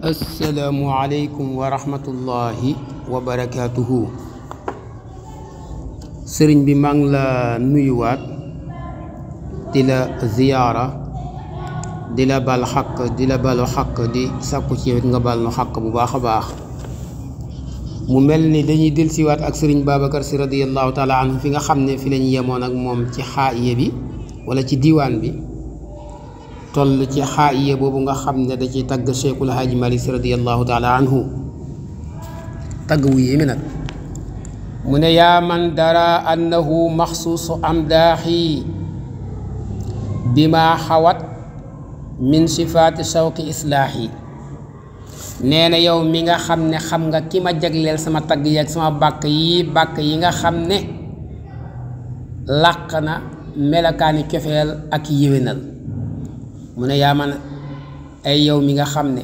asalaamualeykum wa rahmatullahi wa barakaatuhu sëriñ bi maa la nuyuwaat di la ziyaara di la bal xaq di la balu xaq di sàkku ci nga bal nu xaq bu baax a baax mu mel ni dañuy delsiwaat ak sëriñ Babacar si radiallahu taala anhu fi nga xam ne fi lañu yemoon ak moom ci xaaye bi walla ci diiwaan bi toll ci xaayiya boobu nga xam ne da ci tagg Cheikhul Haaji Malick Sy radiyallahu taala tagg wu yéeme nag mu ne yaa man dara annahu maxsuusu amdaaxi bima xawat min sifaati shawqi islaaxi nee na yow mi nga xam ne xam nga ki ma jagleel sama tagg yi ak sama bàkk yi bàkk yi nga xam ne làq na melakaani cofeel ak yéwénal mu ne yaa man ay yow mi nga xam ne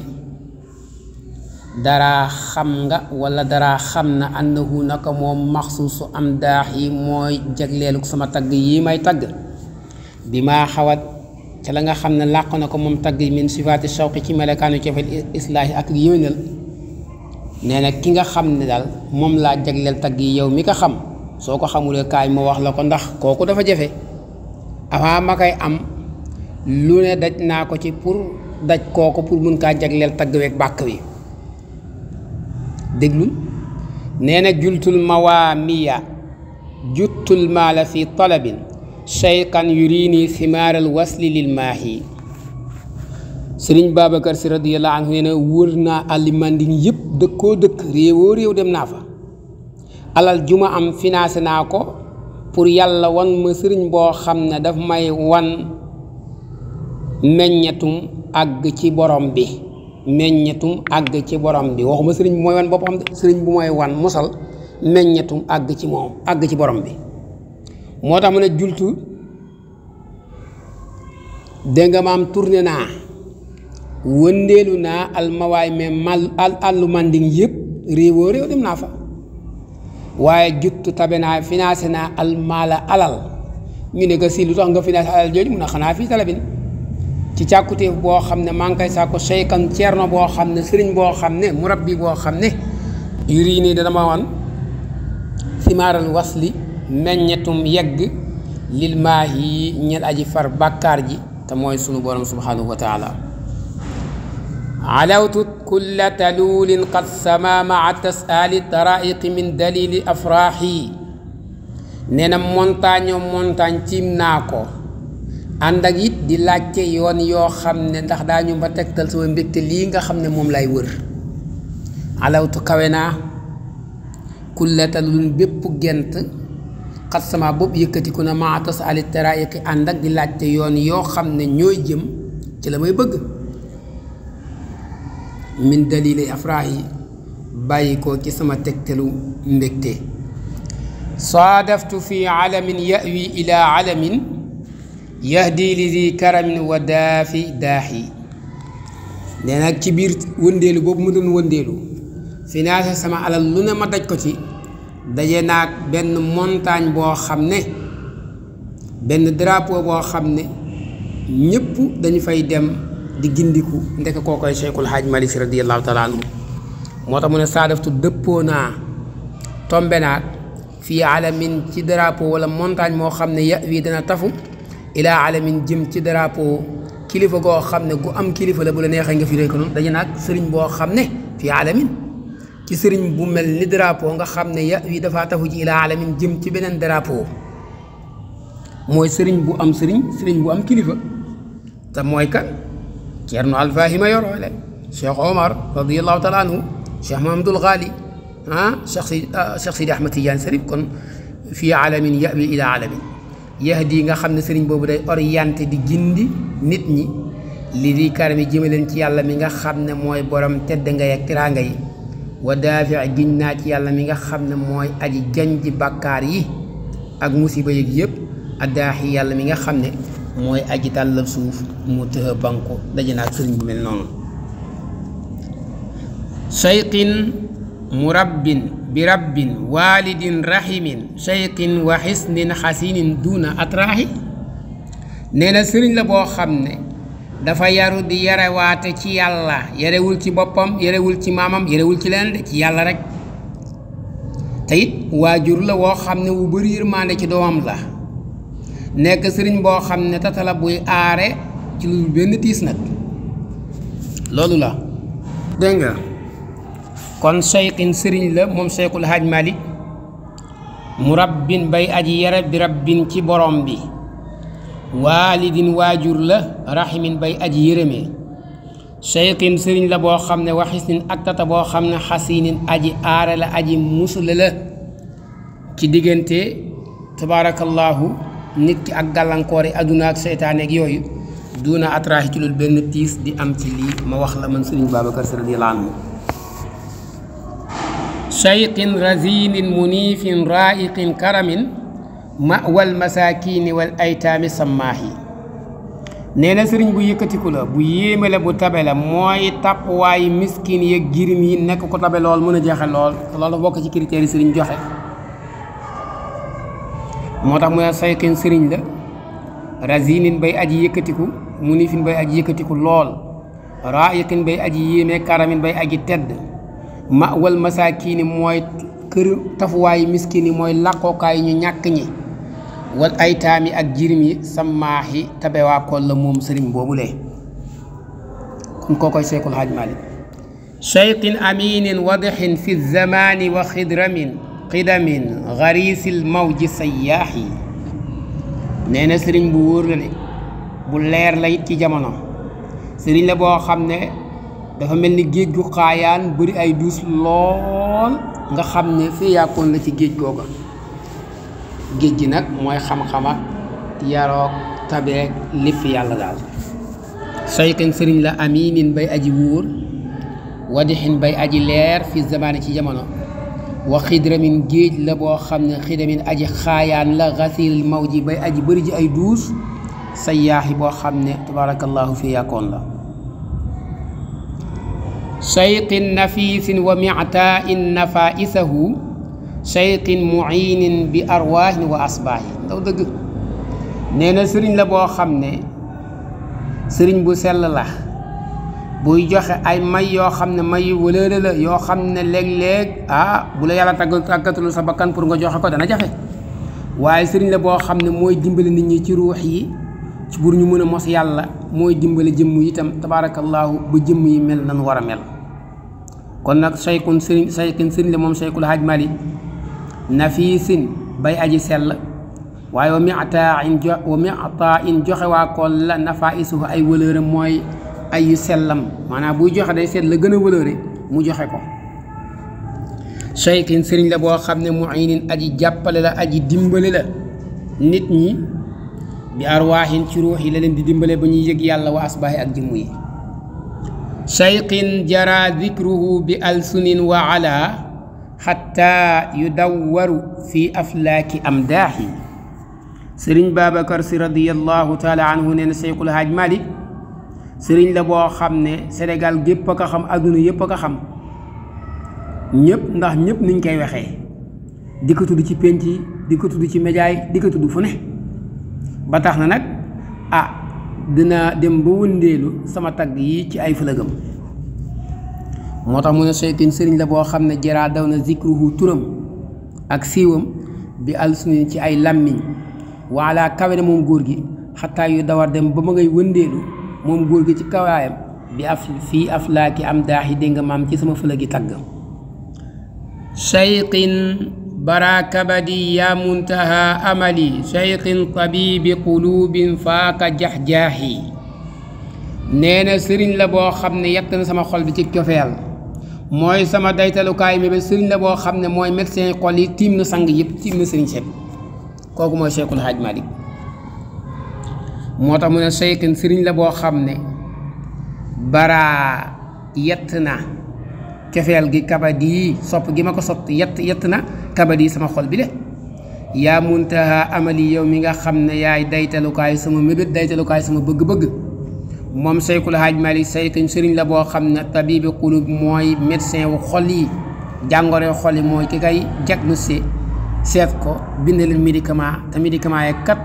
dara xam nga walla dara xam na na annahu naka moom su am daax yi mooy jagleeluk sama tagg yi may tagg bi maa xawat ca la nga xam ne làq na ko moom tagg min sifaati shawqi ci melekaanu cofeel islaahi ak yéwénal nee na ki nga xam ne daal moom laa jagleel tagg yi yow mi ko xam soo ko xamulee kaay ma wax la ko ndax kooku dafa jafe avant ma koy am lu ne daj naa ko ci pour daj kooku pour mun kaa jagleel tagg weeg bàkk wi déglul nee na jultul mawaamiya juttul maala fi talabin shaykan yurini thimaaral wasli lil maahi sëriñ Babacar si radiyallahu anhu nee na wër naa alimandin yëpp dëkkoo dëkk réewoo réew dem naa fa alal ju ma am financé naa ko pour yàlla wan ma sëriñ boo xam ne daf may wan meññetum àgg ci borom bi meññetum àgg ci borom bi waxuma sëriñ bu mooy wan boppam de sëriñ bu mooy wan musal meññetum àgg ci moom àgg ci borom bi moo tax mu ne jultu dégg nga maam tourné naa wëndeelu naa almawaay mais mal àllu manding yëpp réewoo réew dem naa fa waaye juttu tabe naa financé naa almaala alal ñu ne ko si lu tax nga financé alal jooju mun a xanaa fii talabin ci càkkutéef boo xam ne maa ngi koy sàkku seykan boo xam ne sëriñ boo xam ne murabbi boo xam ne yuri yi nii dama wan simaaral wasli meññetum yegg lil maahi ñel aji far bàkkaar ji te mooy sunu borom subhanahu wa taala alawtu kulla taluulin qad sama maa tasaali taraiqi min dalili afraahi nee na montagne montagne tiim naa ko ànd yit di laajte yoon yoo xam ne ndax daañu ma tegtal sama mbégte lii nga xam ne moom laay wër alawtu kawe naa kullata lun bépp gent xat sama bopp yëkkatiku na maa tas ali taraiki ànd di laajte yoon yoo xam ne ñooy jëm ci la may bëgg min dalili afraahi bàyyi ko ci sama tegtalu mbégte saadaftu fi alamin yawi ila alamin yahdi li di karamin wa daafi daaxi nee nag ci biir wëndeelu boobu mu doon wëndeelu financé sama alal lu ne ma daj ko ci daje naa benn montagne boo xam ne benn drapo boo xam ne ñëpp dañu fay dem di gindiku ndek koo koy Cheikhul Hadj Malick Sy moo tax mu ne saa deftu dëppoo naa tombe naag fii alamin ci drapo wala montagne moo xam ne ya wii dana tafu ilaa alamin jëm ci drapeau kilifa goo xam ne gu am kilifa la bu neexee nga firee ko noonu daje naag sëriñ boo xam ne fii alamin ci sëriñ bu mel ni drapeau nga xam ne ya wi dafaa tafu ci ilaa alamin jëm ci beneen drapeau mooy sëriñ bu am sëriñ sëriñ bu am kilifa te mooy kan Ceerno Alfaahima yoroole Cheikh Omar radiallahu taala anhu Ghali ah Cheikh ah, Ahmad Tidiane Sarif kon fii alamin ya wi alamin dii nga xam ne sëriñ boobu day orienté di gindi nit ñi lii di karami jëme leen ci yàlla mi nga xam ne mooy borom tedd ngay ak tiraanga yi wa daafi giñ naa ci yàlla mi nga xam ne mooy aji jañ ji yi ak musiba yëg yëpp addaaxi yàlla mi nga xam ne mooy aji tàllal suuf mu tëha banko naa sëriñ bu mel noonu sayqin murabbin bi rabbin waalidin rahimin sheykin wa xisnin xasinin duuna atraahi nee na sëriñ la boo xam ne dafa yaru di yarewaate ci yàlla yarewul ci boppam yarewul ci maamam yarewul ci leen de ci yàlla rek te waajur la woo xam ne wu bëri yërmaande ci doomam la nekk sëriñ boo xam ne tatala la buy aare ci lu benn tiis nag loolu la kon seyxin sëriñ la moom seyxul haaj malik mu rabbin bay aji yare bi rabbin ci borom bi waalidin waajur la raximin bay aji yërëmee seyxin sëriñ la boo xam ne waxisnin ak tata boo xam ne xasinin aji aare la aji musula la ci diggante tabaarakallaahu nit ki ak yi adduna ak seytaaneeg yooyu duna atraahi ci loolu benn tiis di am ci lii ma wax la man sëriñ Babacar Sy radiyallaahu anhu shayqin razinin munifin raiqin karamin mawal masakini wal aytaami sammaahi nee na sëriñ bu yëkkatiku la bu yéeme la bu tabe la mooy tappuwaay miskin ya girim yi nekk ko tabe lool mën a jeexe lool loolu bokk ci critères yi sëriñ joxe moo tax mu ne saykin sëriñ la razinin bay aji yëkkatiku munifin bay aji yëkkatiku lool raiqin bay aji yéeme karamin bay aji tedd ma wal masaakiini mooy kër tafuwaayu miskin yi mooy làqookaay ñu ñàkk ñi wal aytaam ak jirim yi sàmmaax yi tabewaakoon la moom sëriñ boobulee kon kookoy Seexul Haaj Maalik sheyqin aminin wadixin fi zamaani wa xidramin xidamin xariisil mawji sayyaax yi nee sëriñ bu wóor la de bu leer la ci jamono sëriñ la boo xam ne dafa mel ni géej gu xaayaan bëri ay duus lool nga xam ne fee yàkkoon la ci géej googa géej gi nag mooy xam-xam ak yaroog tabeeg lépp yàlla daal saykan sëriñ la aminin bay aji wóor wadixin bay aji leer fi zamaani ci jamono wax xidramin géej la boo xam ne xidramin aji xaayaan la xasil maw ji bay aji bëri ji ay duus sayaaxi boo xam ne tabarakallahu fi yàkkoon la sheyqin nafiisin wa miatain nafaisahu sheyqin muinin bi arwaahin wa asbaahi ndaw dëgg nee na sëriñ la boo xam ne sëriñ bu sell la buy joxe ay may yoo xam ne may yu la yoo xam ne léeg-léeg ah bu la yàlla tàgg tàggatul sa bakkan pour nga joxe ko dana jafe waaye sëriñ la boo xam ne mooy dimbali nit ñi ci ruux yi ci pour ñu mën a mos yàlla mooy dimbali jëmm yi itam tabaarakallaahu ba jëmm yi mel nan war a mel kon nag saykun sëriñ saykin sëriñ la moom saykul haj mali nafiisin bay aji sell waaye wa mitaa in jo wa mitaa in joxe waa kool la nafaa isuhu ay wëlëram mooy ay sellam maanaam buy joxe day seet la gën a wëlëre mu joxe ko saykin sëriñ la boo xam ne muinin aji jàppale la aji dimbale la nit ñi bi arwaahin ci ruux yi la leen di dimbale ba ñuy yëg yàlla wa asbaahi ak jëmm yi shayqin jara dikruhu bi alsunin wa ala xatta yudawwaru fi aflaaki amdaahi sëriñ Babacar si radiyallahu taala anhu nee na Seyxul Haaj Malik sëriñ la boo xam ne senegal gépp a ko xam àdduna yépp a ko xam ñëpp ndax ñëpp niñ koy waxee di ko tudd ci pénc yi di ko tudd ci média yi di ko tudd fu ne ba tax na nag ah dina dem ba wëndeelu sama tagg yi ci ay fëlëgam moo tax mu ne seytin sëriñ la boo xam ne jaraa daw na zikruhu turam ak siiwam bi alsuni ci ay làmmiñ waala kawe na moom góor gi xataa yu dawar dem ba ma ngay wëndeelu moom góor gi ci kawaayam bi af fii aflaaki am daax yi dégg nga maam ci sama fëla gi tagg seytin baraakabadi yaa muntaha amali seytin tabibi qulubin faaka jax-jaaxi nee na sëriñ la boo xam ne yett na sama xol bi ci cofeel mooy sama daytalukaay mébét sëriñ la boo xam ne mooy médecin xol yi tiim na sang yëpp tiim na sëriñ seet kooku mooy Cheikhul Hadj Malick moo tax mu ne Cheikhin sëriñ la boo xam ne baraa yett na cofeel gi kabad yi sopp gi ma ko sopp yett yett na kabad sama xol bi de yaa muntaha amali yow mi nga xam ne yaay daytalukaay sama mébét daytalukaay sama bëgg-bëgg moom Seykul Haaj Malik Sy sëriñ la boo xam ne tabibi qulub mooy médecin wu xol yi jàngoro xol mooy ka kay diagnostic seet ko bind leen médicament te médicament ya kat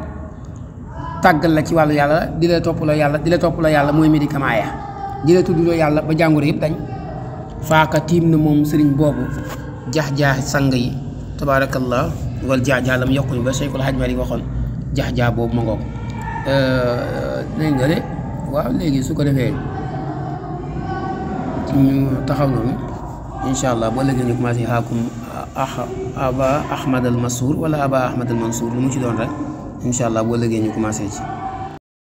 tàggal la ci wàllu yàlla di la toppaloo yàlla di la toppaloo yàlla mooy médicament ya di la yàlla ba jàngoro yëpp dañ faaka tiim na moom sëriñ boobu jax-jaax sang yi tabaarakallah wal jax-jaax la mu yokkuñu ba Seykul Haaj Malik waxoon jax-jaax boobu ma euh, nga de waaw léegi su ko defee ñu taxaw noonu incha allah boo léegi ñu commencé xaakum ah, aba ahmad al masur wala aba ahmad al mansour lu mu ci doon rek incha allah boo léegi ñu commencé ci